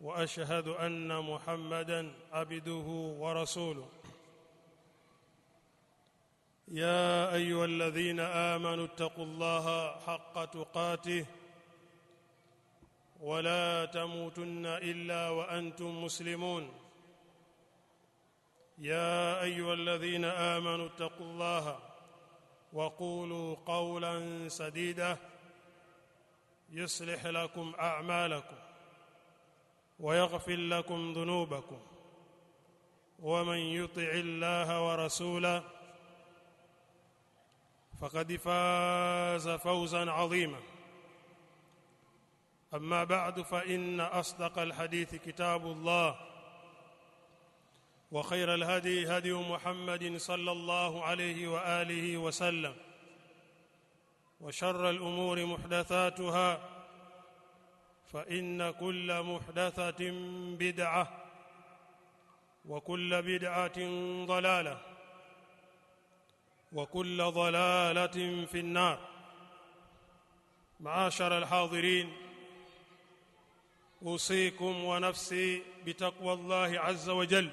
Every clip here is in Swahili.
واشهد ان محمدا عبده ورسوله يا ايها الذين امنوا اتقوا الله حق تقاته ولا تموتن الا وانتم مسلمون يا ايها الذين امنوا اتقوا الله وقولوا قولا سديدا يصلح لكم اعمالكم ويغفر لكم ذنوبكم ومن يطع الله ورسوله فقد فاز فوزا عظيما اما بعد فان اصدق الحديث كتاب الله وخير الهدي هدي محمد صلى الله عليه واله وسلم وشر الامور محدثاتها فان كل محدثه بدعه وكل بدعه ضلاله وكل ضلاله في النار معاشر الحاضرين اوصيكم ونفسي بتقوى الله عز وجل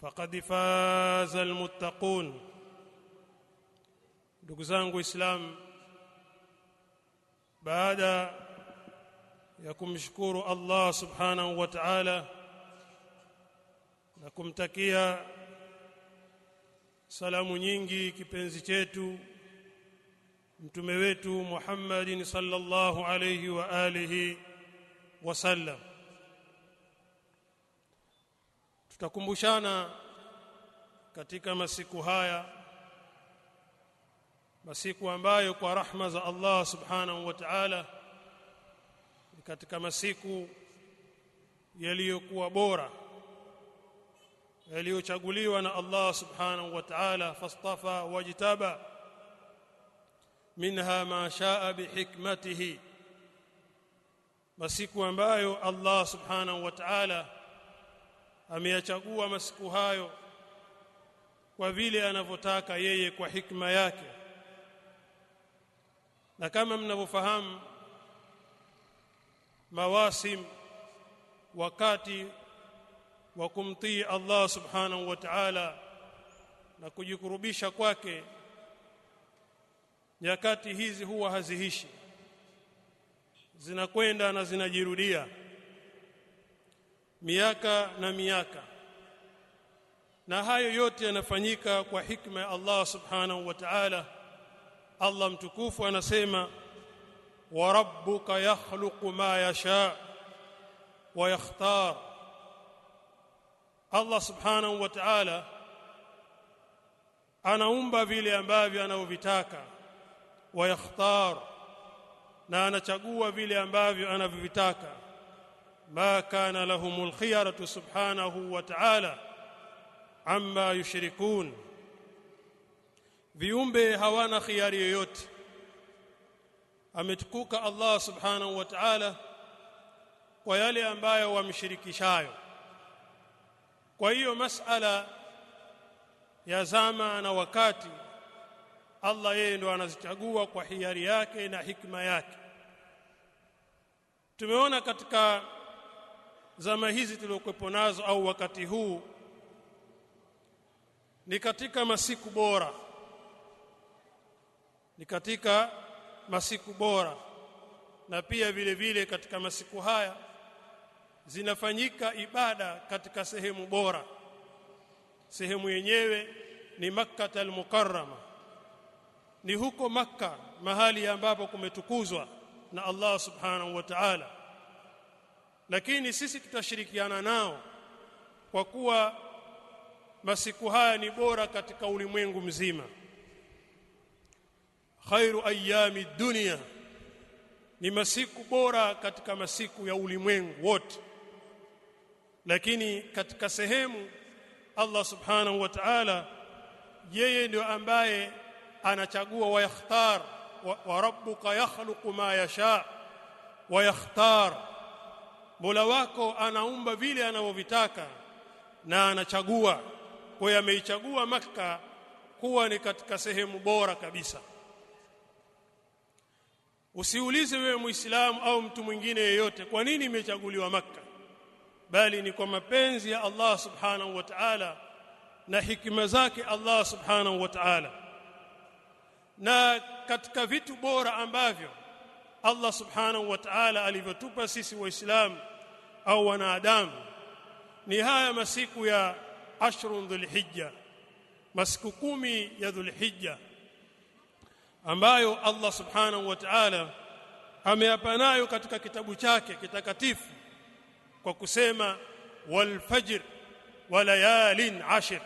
فقد فاز المتقون ndugu zangu islam baada ya kumshukuru Allah subhanahu wa ta'ala na kumtakia salamu nyingi kipenzi chetu mtume wetu Muhammadin sallallahu alayhi wa alihi wasallam tutakumbushana katika masiku haya masiku ambayo kwa rahma za Allah subhanahu wa ta'ala katika masiku yaliyokuwa bora yaliyochaguliwa na Allah subhanahu wa ta'ala fastafa wajtaba minha ma shaa bihikmatihi masiku ambayo Allah subhanahu wa ta'ala ameyachagua masiku hayo kwa vile anavyotaka yeye kwa hikma yake na kama mnavyofahamu mawasim wakati wa kumtii Allah subhanahu wa ta'ala na kujikurubisha kwake nyakati hizi huwa hazihishi zinakwenda na zinajirudia miaka na miaka na hayo yote yanafanyika kwa hikma ya Allah subhanahu wa ta'ala Allah mtukufu anasema وربك يخلق ما يشاء ويختار Allah subhanahu wa ta'ala anaumba vile ambavyo anavyovitaka wayakhtar na anachagua vile ambavyo anavyovitaka ma kana lahumul khiyaratu subhanahu wa ta'ala amma yushrikun viumbe hawana khiari yoyote ametukuka Allah subhanahu wa ta'ala kwa yale ambayo wamshirikishayo kwa hiyo masala ya zama na wakati Allah yeye ndo anazichagua kwa hiari yake na hikma yake tumeona katika zama hizi tuliokuwepo nazo au wakati huu ni katika masiku bora ni katika masiku bora na pia vile vile katika masiku haya zinafanyika ibada katika sehemu bora sehemu yenyewe ni makkah al-mukarrama ni huko makka mahali ambapo kumetukuzwa na Allah subhanahu wa ta'ala lakini sisi tutashirikiana nao kwa kuwa masiku haya ni bora katika ulimwengu mzima khairu ayami dunia ni masiku bora katika masiku ya ulimwengu wote lakini katika sehemu Allah subhanahu wa ta'ala yeye ndio ambaye anachagua wa yakhtar wa, rabbuka yakhluqu ma yasha wa yakhtar Mola wako anaumba vile anavyovitaka na anachagua kwa ameichagua makka kuwa ni katika sehemu bora kabisa usiulize wewe muislamu au mtu mwingine yeyote kwa nini imechaguliwa makka bali ni kwa mapenzi ya Allah subhanahu wa ta'ala na hikima zake Allah subhanahu wa ta'ala na katika vitu bora ambavyo Allah subhanahu wa ta'ala alivyotupa sisi waislamu au wanadamu ni haya masiku ya ashrun dhulhijja masiku kumi ya dhulhijja ambayo Allah subhanahu wa ta'ala ameapa nayo katika kitabu chake kitakatifu kwa kusema walfajr wa layalin ashir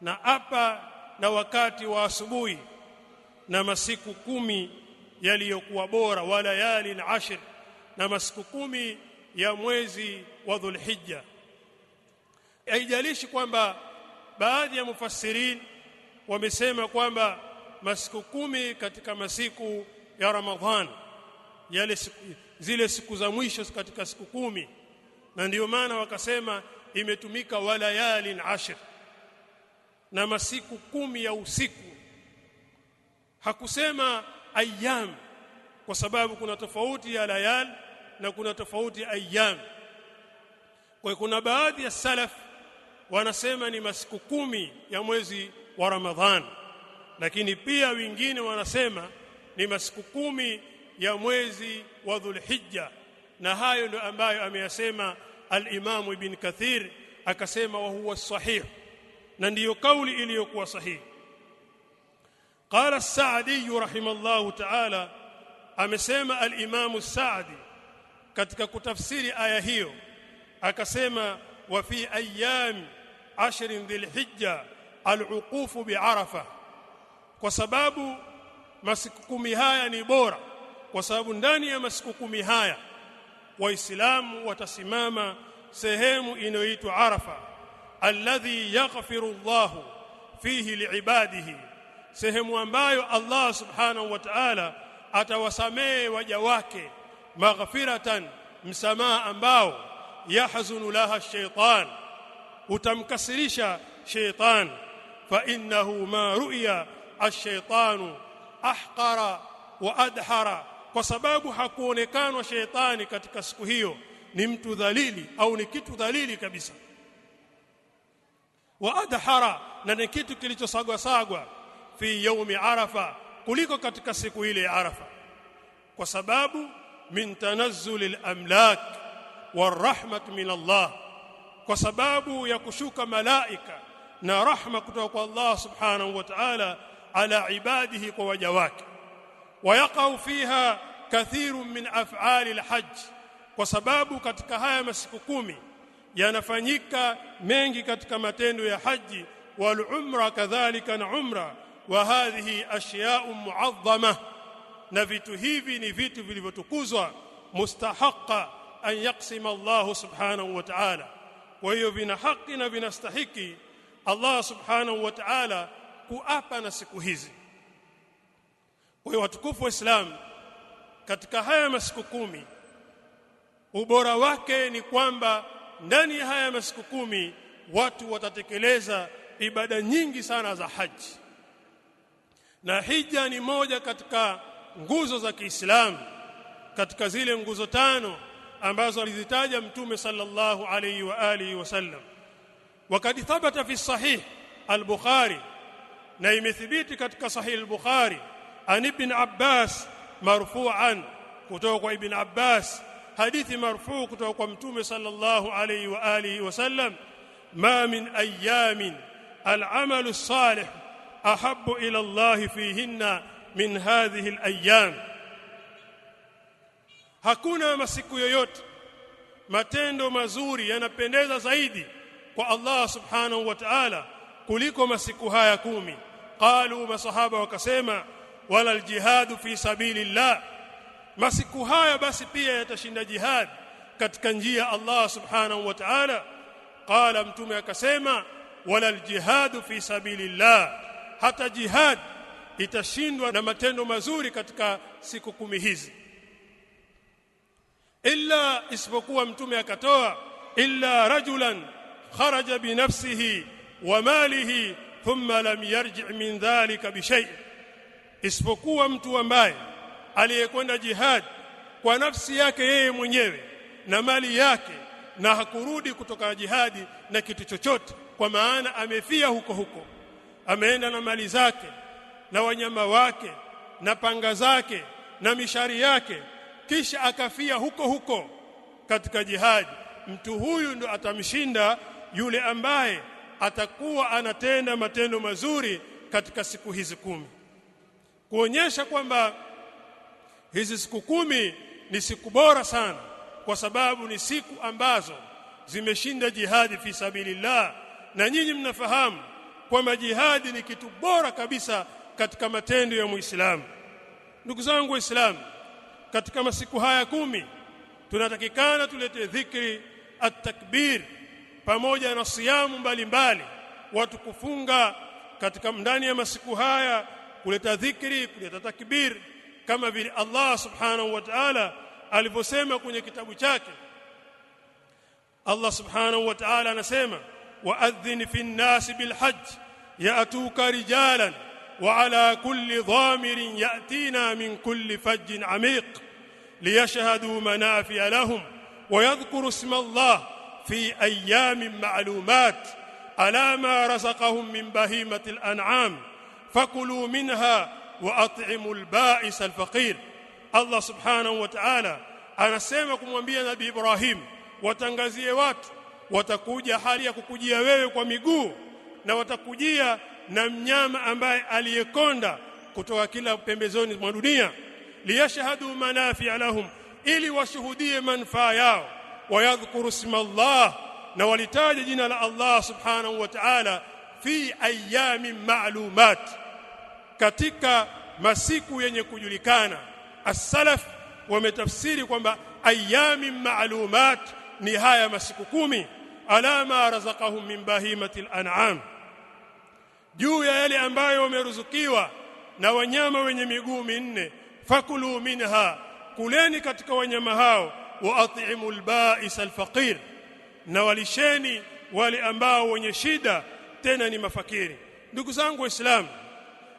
na apa na wakati wa asubuhi na masiku kumi yaliyokuwa bora wa layalin ashir na masiku kumi ya mwezi wa dhulhijja haijalishi kwamba baadhi ya mufassirin wamesema kwamba masiku kumi katika masiku ya Ramadhan yale siku, zile siku za mwisho katika siku kumi na ndiyo maana wakasema imetumika walayalin ashr na masiku kumi ya usiku hakusema ayyam kwa sababu kuna tofauti ya layal na kuna tofauti ya ayyam kwa kuna baadhi ya salaf wanasema ni masiku kumi ya mwezi wa Ramadhani lakini pia wengine wanasema ni masiku kumi ya mwezi wa Dhulhijja na hayo ndio ambayo ameyasema al-Imam Ibn Kathir akasema wa huwa sahih na ndiyo kauli iliyokuwa sahihi qala السعدي رحمه الله تعالى amesema al-Imam Sa'di katika kutafsiri aya hiyo akasema wa fi ayyam 10 dhilhijja al uquf bi Arafah kwa sababu masiku kumi haya ni bora kwa sababu ndani ya masiku kumi haya waislamu watasimama sehemu inayoitwa Arafa alladhi yaghfiru Allahu fihi liibadihi sehemu ambayo Allah subhanahu wa ta'ala atawasamehe waja wake maghfiratan msamaha ambao yahzunu laha shaytan utamkasirisha shaytan fa ma ru'ya ash-shaytanu ahqara wa adhara kwa sababu hakuonekanwa sheitani katika siku hiyo ni mtu dhalili au ni kitu dhalili kabisa wa adhara na ni kitu kilichosagwa sagwa fi yaumi arafa kuliko katika siku ile ya arafa kwa sababu min tanazzulil amlak warahmat min Allah kwa sababu ya kushuka malaika na rahma kutoka kwa Allah subhanahu wa ta'ala ala ibadihi kwa waja wake wayaqau fiha kathiru min af'ali alhajj kwa sababu katika haya masiku kumi yanafanyika mengi katika matendo ya haji wal umra kadhalika na umra wa hadhihi ashya'u mu'azzama na vitu hivi ni vitu vilivyotukuzwa mustahaqqa an yaqsima Allah subhanahu wa ta'ala kwa hiyo vina haki na vinastahiki Allah subhanahu wa ta'ala kuapa na siku hizi kwa hiyo watukufu wa Islam katika haya masiku kumi ubora wake ni kwamba ndani ya haya masiku kumi watu watatekeleza ibada nyingi sana za haji na hija ni moja katika nguzo za Kiislamu katika zile nguzo tano ambazo alizitaja mtume sallallahu alayhi wa alihi wasallam wakad thabata fi sahih al-bukhari na imethibiti katika sahih al-bukhari an ibn abbas marfu'an kutoka kwa ibn abbas hadithi marfu' kutoka kwa mtume sallallahu alayhi wa alihi wasallam ma min ayamin al-amalu as-salih ahabbu ila allah fihinna min hadhihi al-ayyam hakuna masiku yoyote matendo mazuri yanapendeza zaidi kwa Allah subhanahu wa ta'ala kuliko masiku haya kumi qalu masahaba wakasema wala aljihadu fi sabilillah masiku haya basi pia yatashinda jihad katika njia Allah subhanahu wa ta'ala qala mtume akasema wala aljihadu fi sabilillah hata jihad itashindwa na matendo mazuri katika siku kumi hizi illa isipokuwa mtume akatoa illa rajulan kharaja binafsihi wa malihi thumma lam yarji' min dhalika bishay isipokuwa mtu ambaye aliyekwenda jihad kwa nafsi yake yeye mwenyewe na mali yake na hakurudi kutoka jihadi na kitu chochote kwa maana amefia huko huko ameenda na mali zake na wanyama wake na panga zake na mishari yake kisha akafia huko huko katika jihadi mtu huyu ndo atamshinda yule ambaye atakuwa anatenda matendo mazuri katika siku hizi kumi kuonyesha kwamba hizi siku kumi ni siku bora sana kwa sababu ni siku ambazo zimeshinda jihadi fi sabilillah na nyinyi mnafahamu kwamba jihadi ni kitu bora kabisa katika matendo ya Muislamu ndugu zangu waislamu katika masiku haya kumi tunatakikana tulete dhikri at-takbir pamoja na siamu mbalimbali watu kufunga katika ndani ya masiku haya kuleta dhikri kuleta takbir kama vile Allah subhanahu wa ta'ala alivyosema kwenye kitabu chake Allah subhanahu wa ta'ala anasema wa'adhin fi an-nas bil hajj ya'tuka rijalan wa ala kulli dhamirin ya'tina min kulli fajjin 'amiq liyashhadu manafi'a lahum wa yadhkuru isma Allah في ايام معلومات الا ما رزقهم من بهيمه الانعام فكلوا منها واطعموا البائس الفقير الله سبحانه وتعالى anasema kumwambia nabii Ibrahim watangazie watu watakuja hali ya kukujia wewe kwa miguu na watakujia na mnyama ambaye aliyekonda kutoka kila pembezoni mwa dunia liyashhadu manafi lahum ili washuhudie manufaa yao wayadhkuru smallah na walitaja jina la Allah subhanahu wa ta'ala fi ayami ma'lumat katika masiku yenye kujulikana as-salaf wametafsiri kwamba ayami ma'lumat ni haya masiku kumi alama razaqahum min bahimatil an'am juu ya yale ambayo wameruzukiwa na wanyama wenye miguu minne fakulu minha kuleni katika wanyama hao wa at'imu al-ba'is na walisheni wale ambao wenye shida tena ni mafakiri ndugu zangu waislamu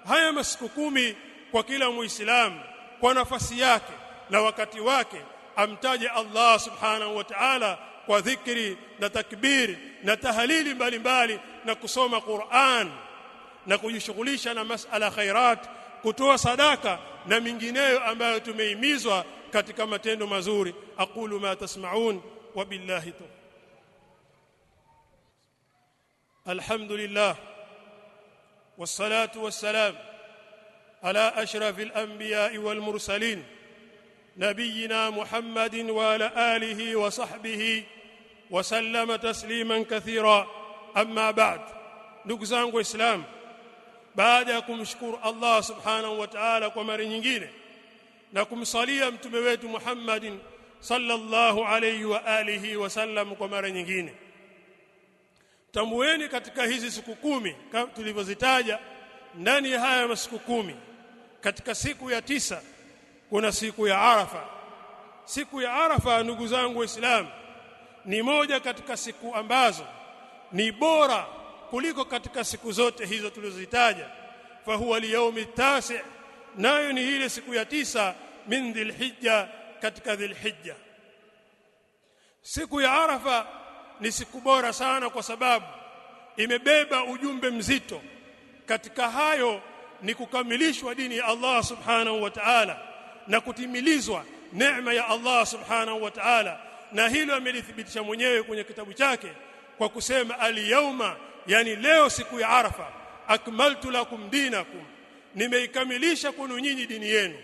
haya masiku kumi kwa kila muislamu kwa nafasi yake na wakati wake amtaje Allah subhanahu wa ta'ala kwa dhikri na takbir na tahalili mbalimbali na kusoma Qur'an na kujishughulisha na masala khairat kutoa sadaka na mingineyo ambayo tumehimizwa katika matendo mazuri aqulu ma tasmaun wa billahi tu alhamdulillah wassalatu wassalam ala ashrafil anbiya wal mursalin muhammadin wa ala alihi wa sahbihi wa sallama tasliman kathira amma ba'd ndugu zangu waislamu baada ya kumshukuru Allah subhanahu wa ta'ala kwa mara nyingine na kumsalia mtume wetu Muhammadin sallallahu alayhi wa alihi wasallam kwa mara nyingine tambueni katika hizi siku kumi tulivyozitaja ndani ya haya masiku kumi katika siku ya tisa kuna siku ya Arafa siku ya Arafa ndugu zangu waislamu ni moja katika siku ambazo ni bora kuliko katika siku zote hizo tulizozitaja fa huwa liyaumi tasi nayo ni ile siku ya tisa min dhilhijja katika dhilhijja siku ya arafa ni siku bora sana kwa sababu imebeba ujumbe mzito katika hayo ni kukamilishwa dini ya Allah subhanahu wa ta'ala na kutimilizwa neema ya Allah subhanahu wa ta'ala na hilo amelithibitisha mwenyewe kwenye kitabu chake kwa kusema al-yauma yani leo siku ya Arafa akmaltu lakum dinakum nimeikamilisha kwenu nyinyi dini yenu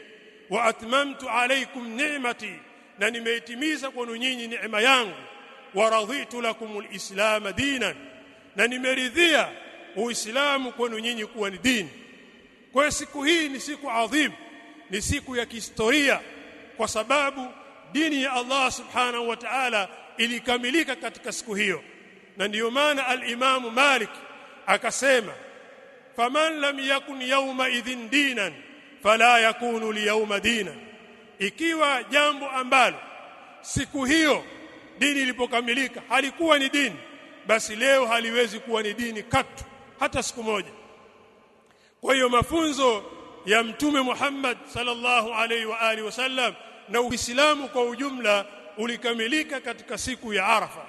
wa atmamtu alaykum ni'mati na nimeitimiza kwenu nyinyi neema yangu wa radhitu lakumul islam dinan na nimeridhia uislamu kwenu nyinyi kuwa ni dini kwa siku hii ni siku adhimu ni siku ya kihistoria kwa sababu dini ya Allah subhanahu wa ta'ala ilikamilika katika siku hiyo na ndiyo maana al-Imam Malik akasema faman lam yakun yawma idhin dinan fala yakunu liyauma dina ikiwa jambo ambalo siku hiyo dini ilipokamilika halikuwa ni dini basi leo haliwezi kuwa ni dini katu hata siku moja kwa hiyo mafunzo ya mtume Muhammad sallallahu alaihi wa alihi wasallam na Uislamu kwa ujumla ulikamilika katika siku ya Arafa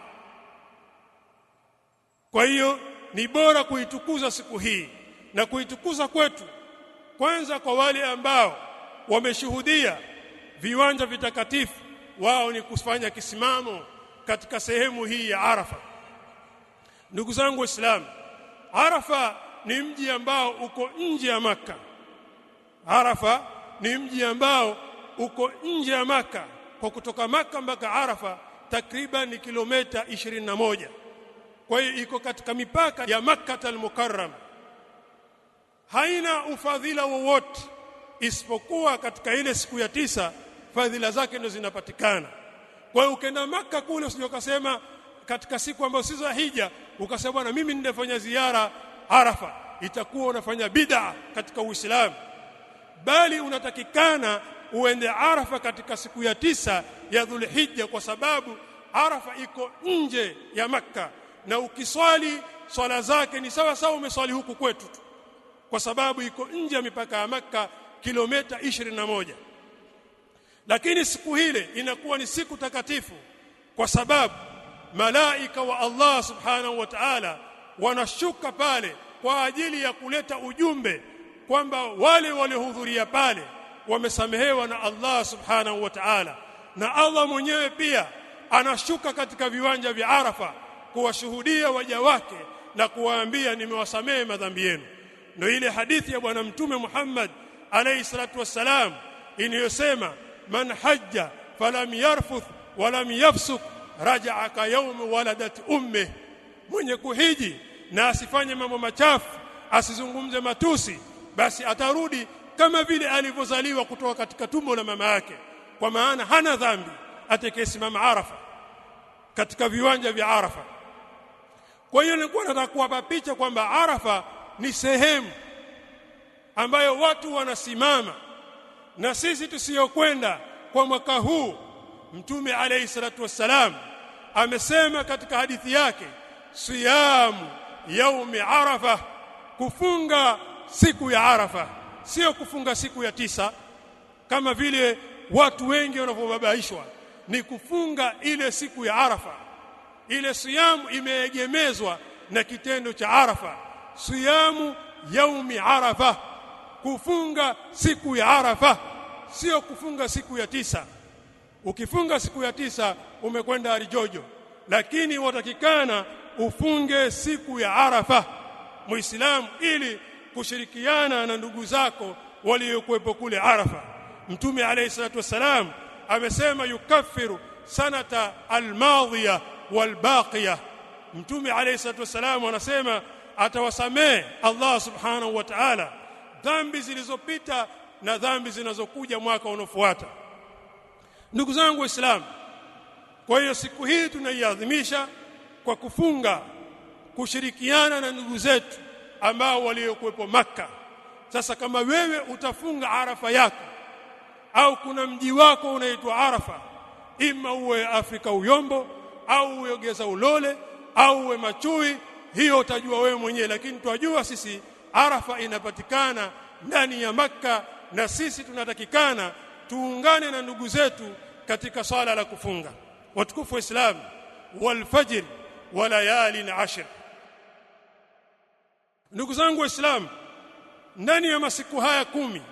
kwa hiyo ni bora kuitukuza siku hii na kuitukuza kwetu kwanza kwa wale ambao wameshuhudia viwanja vitakatifu wao ni kufanya kisimamo katika sehemu hii ya Arafa ndugu zangu waislamu Arafa ni mji ambao uko nje ya maka Arafa ni mji ambao uko nje ya maka kwa kutoka maka mpaka Arafa takriban ni kilomita 21 kwa hiyo iko katika mipaka ya Makkah al-Mukarram haina ufadhila wowote isipokuwa katika ile siku ya tisa fadhila zake ndio zinapatikana kwa hiyo ukenda maka kule ukasema katika siku ambayo si za hija ukasema bwana mimi nindafanya ziara Arafa itakuwa unafanya bid'a katika Uislamu bali unatakikana uende Arafa katika siku ya tisa ya Dhulhijja kwa sababu Arafa iko nje ya maka na ukiswali swala zake ni sawa sawa umeswali huku kwetu tu kwa sababu iko nje ya mipaka ya Makka kilomita 21 lakini siku ile inakuwa ni siku takatifu kwa sababu malaika wa Allah subhanahu wa ta'ala wanashuka pale kwa ajili ya kuleta ujumbe kwamba wale waliohudhuria pale wamesamehewa na Allah subhanahu wa ta'ala na Allah mwenyewe pia anashuka katika viwanja vya Arafa kuwashuhudia waja wake na kuwaambia nimewasamehe madhambi yenu ndio ile hadithi ya bwana mtume Muhammad alayhi salatu wassalam inayosema man hajja falam yarfuth walam yafsuk raja'a ka yawm waladat ummi mwenye kuhiji na asifanye mambo machafu asizungumze matusi basi atarudi kama vile alivyozaliwa kutoka katika tumbo la mama yake kwa maana hana dhambi atakayesimama Arafa katika viwanja vya Arafa kwa hiyo nilikuwa nataka kuwapa picha kwamba Arafa ni sehemu ambayo watu wanasimama na sisi tusiyokwenda kwa mwaka huu mtume alayhi salatu wassalam amesema katika hadithi yake siyamu yaumi arafa kufunga siku ya arafa sio kufunga siku ya tisa kama vile watu wengi wanavyobabaishwa ni kufunga ile siku ya arafa ile siyamu imeegemezwa na kitendo cha arafa siyamu yaumi arafa kufunga siku ya arafa sio kufunga siku ya tisa ukifunga siku ya tisa umekwenda alijojo lakini watakikana ufunge siku ya arafa muislamu ili kushirikiana na ndugu zako waliokuwepo kule arafa mtume alayhi salatu wasalam amesema yukaffiru sanata almadhiya walbaqiya mtume alayhi salatu wasalam anasema atawasamehe Allah subhanahu wa ta'ala dhambi zilizopita na dhambi zinazokuja mwaka unaofuata ndugu zangu waislamu kwa hiyo siku hii tunaiadhimisha kwa kufunga kushirikiana na ndugu zetu ambao waliokuwepo maka sasa kama wewe utafunga arafa yako au kuna mji wako unaitwa arafa ima uwe Afrika Uyombo au uwe Geza Ulole au uwe Machui hiyo utajua wewe mwenyewe lakini twajua sisi Arafa inapatikana ndani ya Makka na sisi tunatakikana tuungane na ndugu zetu katika sala la kufunga watukufu waislamu walfajr wa layalin ashr ndugu zangu waislamu ndani ya masiku haya kumi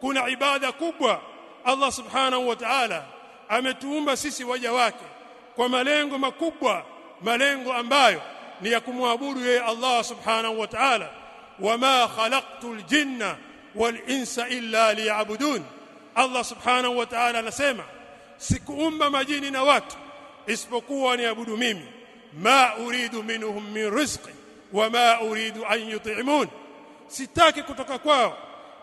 kuna ibada kubwa Allah subhanahu wa ta'ala ametuumba sisi waja wake kwa malengo makubwa malengo ambayo ni ya kumwabudu yeye Allah subhanahu wa ta'ala wama khalaqtul jinna wal insa illa liya'budun Allah subhanahu wa ta'ala anasema sikuumba majini na watu isipokuwa niabudu mimi ma uridu minhum min rizqi wama uridu an yut'imun sitaki kutoka kwao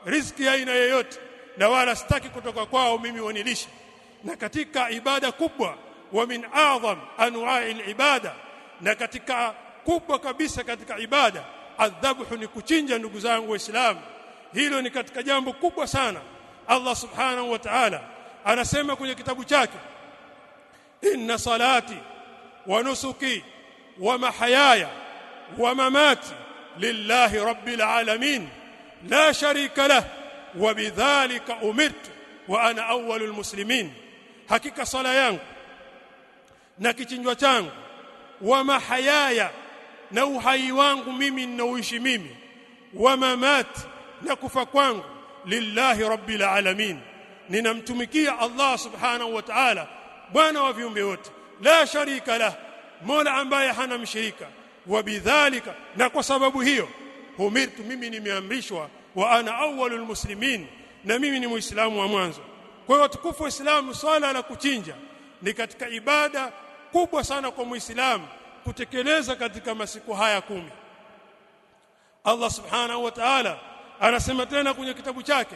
riziki aina yoyote na wala sitaki kutoka kwao mimi wanilishe na katika ibada kubwa wa min a'zam anwa'i ibada na katika kubwa kabisa katika ibada adhabhu ni kuchinja ndugu zangu waislamu hilo ni katika jambo kubwa sana Allah subhanahu wa ta'ala anasema kwenye kitabu chake inna salati wa nusuki wa mahayaya wa mamati lillahi rabbil alamin la sharika lah wa bidhalika umirtu wa ana awwalul muslimin hakika sala yangu na kichinjwa changu wa mahayaya na uhai wangu mimi ninaoishi mimi wa mamati na kufa kwangu lillahi rabbil alamin ninamtumikia Allah subhanahu wa ta'ala bwana wa viumbe wote la sharika lah mola ambaye hana mshirika wa bidhalika na kwa sababu hiyo humirtu mimi nimeamrishwa wa ana awwalul muslimin na mimi ni muislamu wa mwanzo kwa hiyo tukufu uislamu swala la kuchinja ni katika ibada kubwa sana kwa muislamu kutekeleza katika masiku haya kumi Allah subhanahu wa ta'ala anasema tena kwenye kitabu chake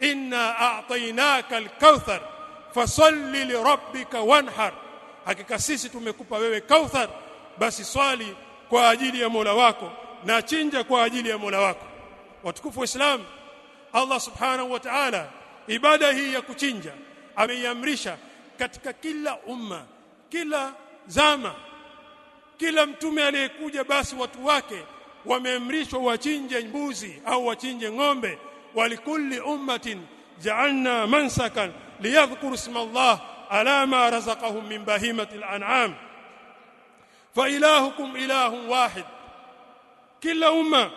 inna a'tainaka al-kauthar fasalli rabbika wanhar hakika sisi tumekupa wewe kauthar basi swali kwa ajili ya Mola wako na chinja kwa ajili ya Mola wako watukufu Islam Allah subhanahu wa ta'ala ibada hii ya kuchinja ameiamrisha katika kila umma kila zama kila mtume anayekuja basi watu wake wameamrishwa wachinje mbuzi au wachinje ng'ombe walikulli ummatin ja'alna mansakan liyadhkuru isma Allah ala ma razaqahum min bahimatil an'am fa ilahukum ilahun wahid kila umma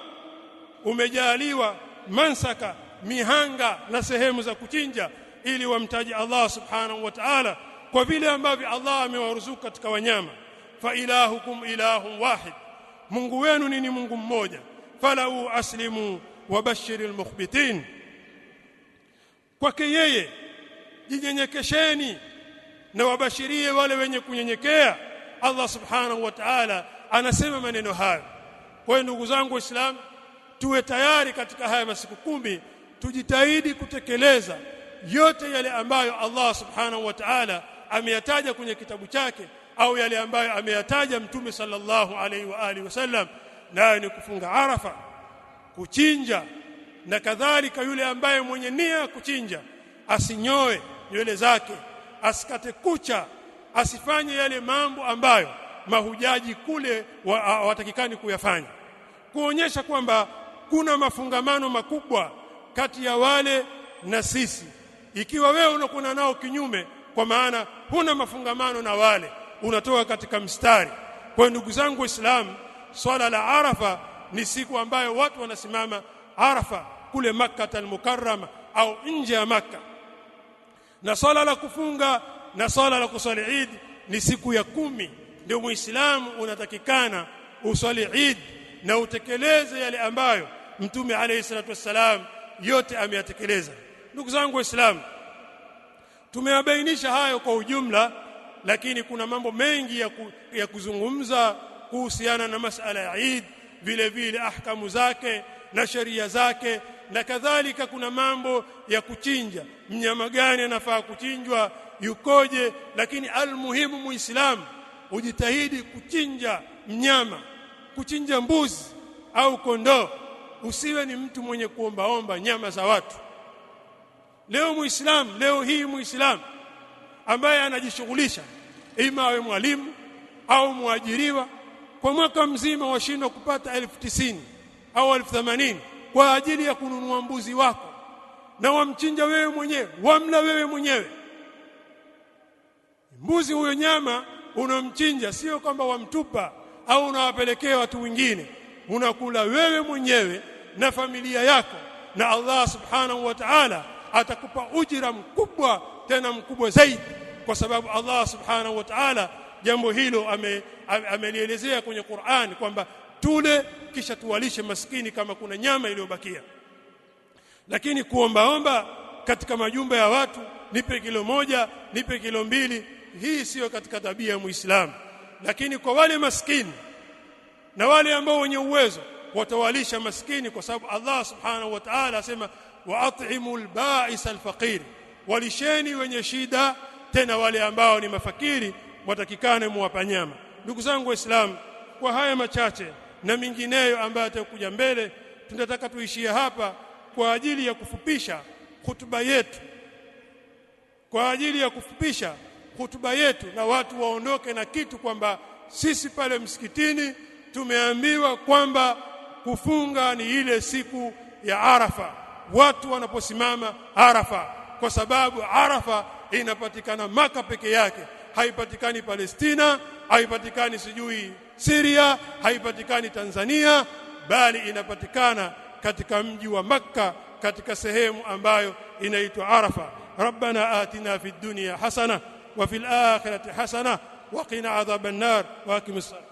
umejaliwa mansaka mihanga na sehemu za kuchinja ili wamtaji Allah subhanahu wa ta'ala kwa vile ambavyo Allah amewaruzuku katika wanyama fa ilahukum ilahun wahid Mungu wenu ni Mungu mmoja falau aslimu wabashiril mukhbitin kwake yeye jinyenyekesheni na wabashirie wale wenye kunyenyekea Allah subhanahu wa ta'ala anasema maneno hayo kwa ndugu zangu waislam tuwe tayari katika haya masiku kumi tujitahidi kutekeleza yote yale ambayo Allah subhanahu wa ta'ala ameyataja kwenye kitabu chake au yale ambayo ameyataja mtume sallallahu alaihi wa alihi wasallam nayo ni kufunga arafa kuchinja na kadhalika yule ambaye mwenye nia kuchinja asinyoe nywele zake asikate kucha asifanye yale mambo ambayo mahujaji kule watakikani wa, kuyafanya kuonyesha kwamba kuna mafungamano makubwa kati ya wale na sisi ikiwa wewe unakuwa nao kinyume kwa maana huna mafungamano na wale unatoka katika mstari kwa ndugu zangu waislamu swala la arafa ni siku ambayo watu wanasimama arafa kule makkah al-mukarrama au nje ya makkah na swala la kufunga na swala la kuswali Eid ni siku ya kumi ndio muislamu unatakikana uswali Eid na utekeleze yale ambayo mtume alayhi salatu wassalam yote ameyatekeleza ndugu zangu waislamu tumeyabainisha hayo kwa ujumla lakini kuna mambo mengi ya, ku, ya kuzungumza kuhusiana na masala ya Eid vile vile ahkamu zake na sheria zake na kadhalika kuna mambo ya kuchinja mnyama gani anafaa kuchinjwa yukoje lakini almuhimu muislamu ujitahidi kuchinja mnyama kuchinja mbuzi au kondoo usiwe ni mtu mwenye kuombaomba nyama za watu leo muislamu leo hii muislamu ambaye anajishughulisha ima awe mwalimu au mwajiriwa kwa mwaka mzima washindwa kupata elfu au elfu kwa ajili ya kununua mbuzi wako na wamchinja wewe mwenyewe wamla wewe mwenyewe mbuzi huyo nyama unamchinja sio kwamba wamtupa au unawapelekea watu wengine unakula wewe mwenyewe na familia yako na Allah subhanahu wa ta'ala atakupa ujira mkubwa tena mkubwa zaidi kwa sababu Allah subhanahu wa ta'ala jambo hilo amelielezea ame kwenye Qur'an kwamba tule kisha tuwalishe maskini kama kuna nyama iliyobakia lakini kuombaomba katika majumba ya watu nipe kilo moja nipe kilo mbili hii sio katika tabia ya Muislamu lakini kwa wale maskini na wale ambao wenye uwezo watawalisha maskini kwa sababu Allah subhanahu wa ta'ala asema at'imul ba'is al-faqir walisheni wenye shida tena wale ambao ni mafakiri watakikane muwapa nyama ndugu zangu waislamu kwa haya machache na mingineyo ambayo atakuja mbele tunataka tuishie hapa kwa ajili ya kufupisha hutuba yetu kwa ajili ya kufupisha hutuba yetu na watu waondoke na kitu kwamba sisi pale msikitini tumeambiwa kwamba kufunga ni ile siku ya Arafa watu wanaposimama Arafa kwa sababu Arafa inapatikana maka peke yake haipatikani Palestina haipatikani sijui Syria haipatikani Tanzania bali inapatikana katika mji wa Makka katika sehemu ambayo inaitwa Arafa ربنا آتنا في الدنيا حسنة وفي الآخرة حسنة وقنا عذاب النار واقم الصلاة